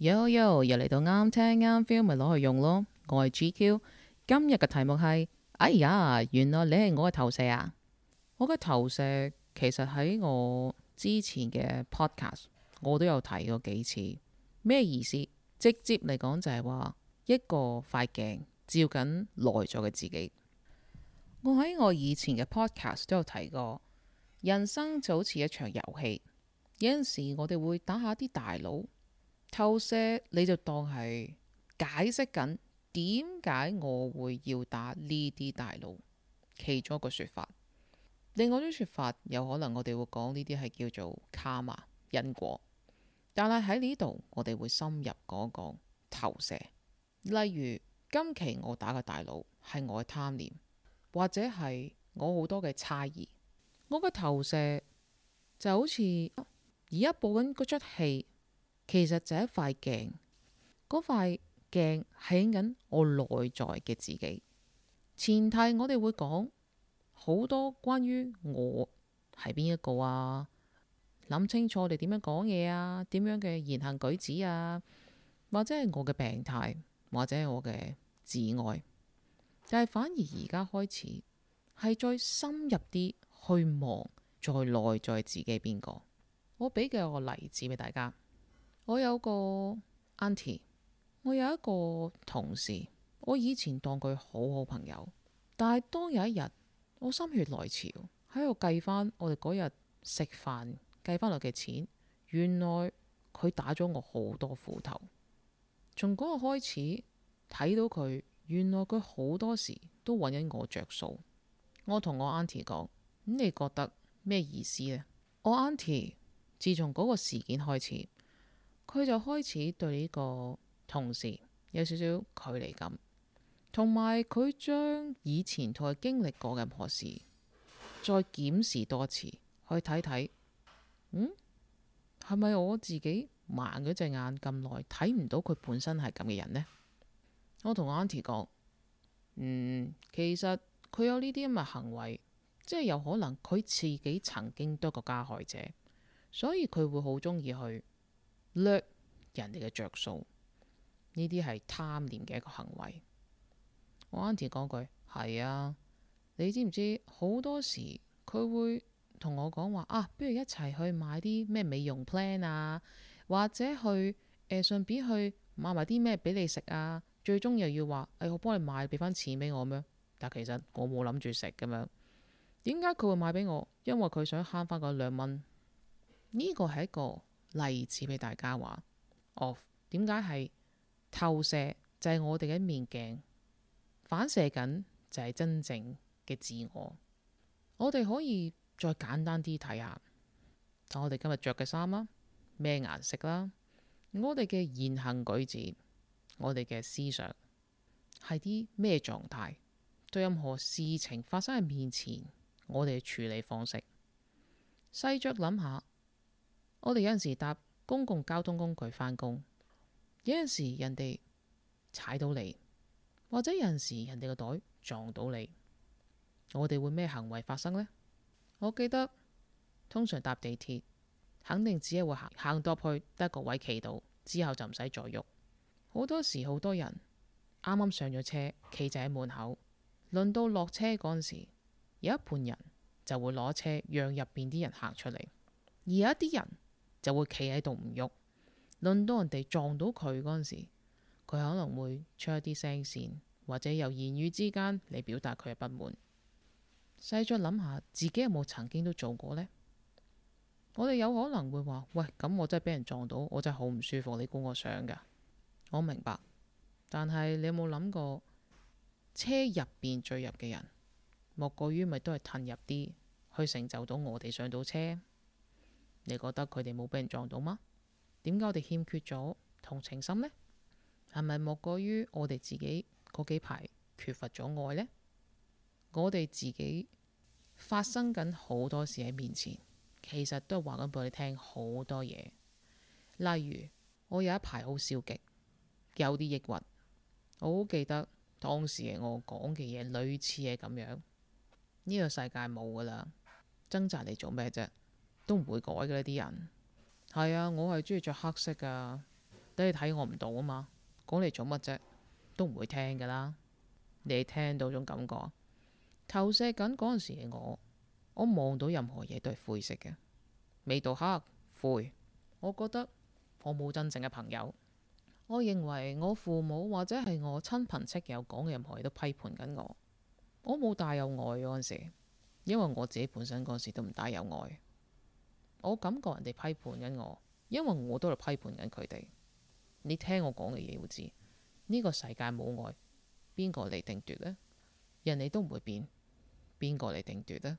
Yo Yo 又嚟到啱聽啱 feel 咪攞去用咯，我係 GQ 今日嘅題目係哎呀，原來你係我嘅投射啊！我嘅投射其實喺我之前嘅 podcast 我都有提過幾次，咩意思？直接嚟講就係話一個塊鏡照緊耐咗嘅自己。我喺我以前嘅 podcast 都有提過，人生就好似一場遊戲，有陣時我哋會打下啲大佬。透射你就當係解釋緊點解我會要打呢啲大佬其中一個說法，另外一種說法有可能我哋會講呢啲係叫做卡 a 因果，但係喺呢度我哋會深入講講投射，例如今期我打嘅大佬係我嘅貪念，或者係我好多嘅差異，我嘅投射就好似而家播緊嗰出戲。其實就一塊鏡，嗰塊鏡係影緊我內在嘅自己。前提我哋會講好多關於我係邊一個啊，諗清楚我哋點樣講嘢啊，點樣嘅言行舉止啊，或者係我嘅病態，或者係我嘅自愛，就係反而而家開始係再深入啲去望再內在自己邊個。我俾嘅個例子俾大家。我有個 auntie 我有一個同事，我以前當佢好好朋友，但係當有一日我心血來潮喺度計翻我哋嗰日食飯計翻落嘅錢，原來佢打咗我好多斧頭。從嗰個開始睇到佢，原來佢好多時都揾緊我着數。我同我 auntie 講咁、嗯，你覺得咩意思呢？我 auntie 自從嗰個事件開始。佢就開始對呢個同事有少少距離感，同埋佢將以前同佢經歷過嘅任何事再檢視多次去睇睇，嗯，係咪我自己盲咗隻眼咁耐睇唔到佢本身係咁嘅人呢？我同我阿 auntie 講，嗯，其實佢有呢啲咁嘅行為，即係有可能佢自己曾經都係個加害者，所以佢會好中意去。掠人哋嘅着數，呢啲係貪念嘅一個行為。我啱啱講句係啊，你知唔知好多時佢會同我講話啊，不如一齊去買啲咩美容 plan 啊，或者去誒順、呃、便去買埋啲咩俾你食啊。最終又要話誒、欸、我幫你買，俾翻錢俾我咁樣。但其實我冇諗住食咁樣，點解佢會買俾我？因為佢想慳翻嗰兩蚊。呢個係一個。例子俾大家話，哦，點解係投射就係我哋嘅一面鏡，反射緊就係真正嘅自我。我哋可以再簡單啲睇下，就我哋今日着嘅衫啦，咩顏色啦、啊，我哋嘅言行舉止，我哋嘅思想係啲咩狀態？對任何事情發生喺面前，我哋嘅處理方式，細着諗下。我哋有陣時搭公共交通工具返工，有陣時人哋踩到你，或者有陣時人哋個袋撞到你，我哋會咩行為發生呢？我記得通常搭地鐵，肯定只係會行行踱去，得個位企到之後就唔使再喐。好多時好多人啱啱上咗車，企就喺門口，輪到落車嗰陣時，有一半人就會攞車讓入邊啲人行出嚟，而有一啲人。又會企喺度唔喐。輪到人哋撞到佢嗰陣時，佢可能會出一啲聲線，或者由言語之間嚟表達佢嘅不滿。細再諗下，自己有冇曾經都做過呢？我哋有可能會話：喂，咁我真係俾人撞到，我真係好唔舒服。你估我想噶？我明白，但係你有冇諗過，車入邊最入嘅人，莫過於咪都係褪入啲，去成就到我哋上到車？你覺得佢哋冇俾人撞到嗎？點解我哋欠缺咗同情心呢？係咪莫過於我哋自己嗰幾排缺乏咗愛呢？我哋自己發生緊好多事喺面前，其實都係話緊俾你聽好多嘢。例如，我有一排好消極，有啲抑鬱。我好記得當時我講嘅嘢類似係咁樣：呢個世界冇噶啦，掙扎嚟做咩啫？都唔會改嘅呢啲人，係啊，我係中意着黑色噶，等你睇我唔到啊嘛。講嚟做乜啫？都唔會聽㗎啦。你聽到種感覺投射緊嗰陣時嘅我，我望到任何嘢都係灰色嘅，未到黑灰。我覺得我冇真正嘅朋友。我認為我父母或者係我親朋戚友講嘅任何嘢都批判緊我。我冇帶有愛嗰陣時，因為我自己本身嗰陣時都唔帶有愛。我感覺人哋批判緊我，因為我都係批判緊佢哋。你聽我講嘅嘢，會知呢個世界冇愛，邊個嚟定奪呢？人哋都唔會變，邊個嚟定奪呢？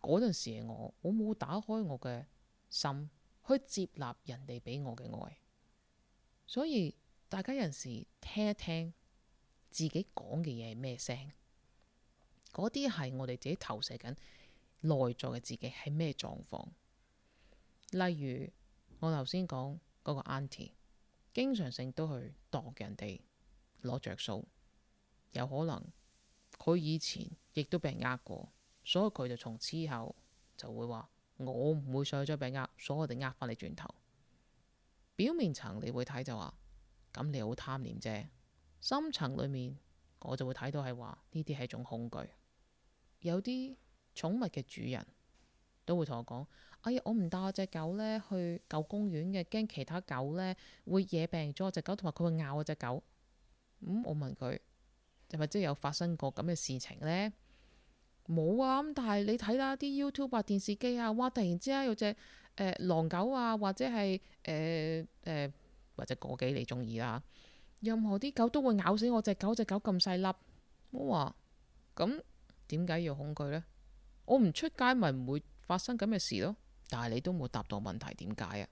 嗰陣時嘅我，我冇打開我嘅心，去接納人哋俾我嘅愛。所以大家有時聽一聽自己講嘅嘢係咩聲，嗰啲係我哋自己投射緊內在嘅自己係咩狀況。例如我頭先講嗰個 Anty 經常性都去度人哋攞着數，有可能佢以前亦都俾人呃過，所以佢就從此以後就會話我唔會上去再俾呃，所以我哋呃返你轉頭。表面層你會睇就話，咁你好會貪念啫。深層裏面我就會睇到係話呢啲係一種恐懼。有啲寵物嘅主人都會同我講。哎呀，我唔帶我隻狗咧去狗公園嘅，驚其他狗咧會惹病咗我隻狗，同埋佢會咬我隻狗。咁、嗯、我問佢係咪即係有發生過咁嘅事情咧？冇啊！咁但係你睇啦，啲 YouTube 啊、電視機啊，哇！突然之間有隻誒、呃、狼狗啊，或者係誒誒或者嗰幾你中意啦。任何啲狗都會咬死我隻狗，隻狗咁細粒，我話咁點解要恐懼咧？我唔出街咪唔會發生咁嘅事咯。但係你都冇答到問題，點解啊？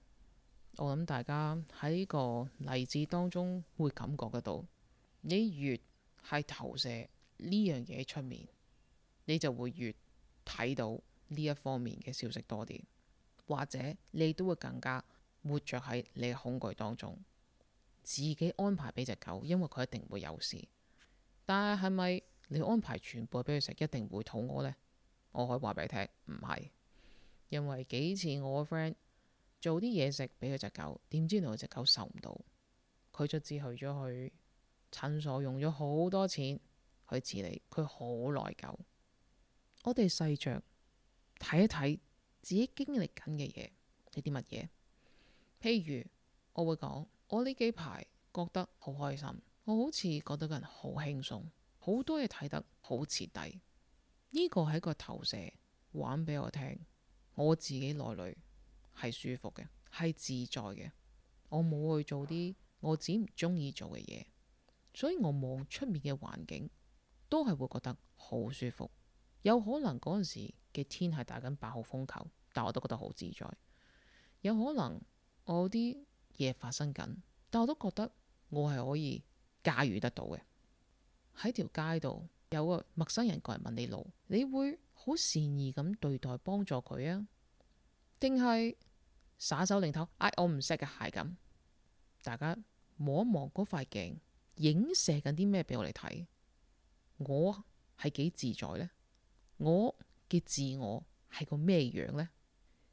我諗大家喺呢個例子當中會感覺得到，你越係投射呢樣嘢出面，你就會越睇到呢一方面嘅消息多啲，或者你都會更加活着喺你嘅恐懼當中。自己安排俾隻狗，因為佢一定會有事。但係係咪你安排全部俾佢食，一定會肚餓呢？我可以話俾你聽，唔係。因為幾次我 friend 做啲嘢食俾佢隻狗，點知呢？我隻狗受唔到，佢就自去咗去診所，用咗好多錢去治理，佢好內疚。我哋細着睇一睇自己經歷緊嘅嘢係啲乜嘢？譬如我會講，我呢幾排覺得好開心，我好似覺得個人好輕鬆，好多嘢睇得好徹底。呢、這個係個投射玩俾我聽。我自己內裏係舒服嘅，係自在嘅，我冇去做啲我自己唔中意做嘅嘢，所以我望出面嘅環境都係會覺得好舒服。有可能嗰陣時嘅天係打緊八號風球，但我都覺得好自在。有可能我啲嘢發生緊，但我都覺得我係可以駕馭得到嘅。喺條街度有個陌生人過嚟問你路，你會？好善意咁對待幫助佢啊，定係耍手擰頭嗌、哎、我唔識嘅鞋咁？大家望一望嗰塊鏡，映射緊啲咩俾我哋睇？我係幾自在呢？我嘅自我係個咩樣呢？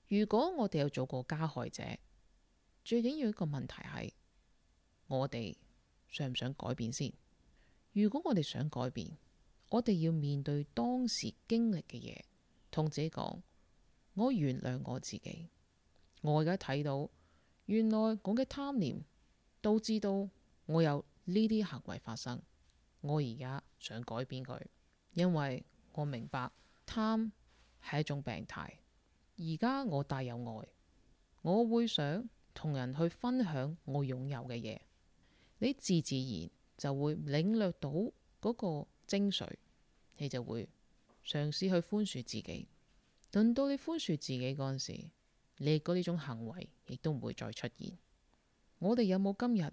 如果我哋有做過加害者，最緊要一個問題係我哋想唔想改變先？如果我哋想改變？我哋要面對當時經歷嘅嘢，同自己講：我原諒我自己。我而家睇到原來我嘅貪念導致到我有呢啲行為發生。我而家想改變佢，因為我明白貪係一種病態。而家我帶有愛，我會想同人去分享我擁有嘅嘢，你自自然就會領略到嗰個。精髓，你就會嘗試去寬恕自己。輪到你寬恕自己嗰陣時，你嗰呢種行為亦都唔會再出現。我哋有冇今日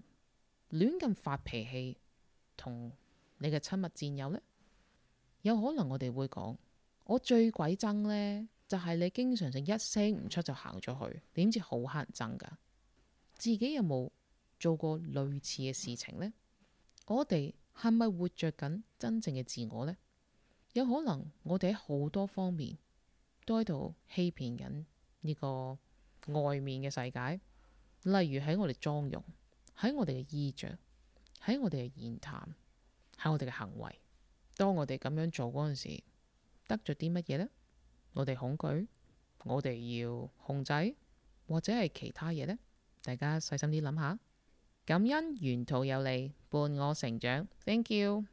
亂咁發脾氣同你嘅親密戰友咧？有可能我哋會講，我最鬼憎咧，就係你經常性一聲唔出就行咗去，點知好乞人憎噶？自己有冇做過類似嘅事情咧？我哋。係咪活着緊真正嘅自我呢？有可能我哋喺好多方面都喺度欺騙緊呢個外面嘅世界，例如喺我哋妝容、喺我哋嘅衣着、喺我哋嘅言談、喺我哋嘅行為。當我哋咁樣做嗰陣時，得咗啲乜嘢呢？我哋恐懼，我哋要控制，或者係其他嘢呢？大家細心啲諗下。感恩沿途有你伴我成長 thank you。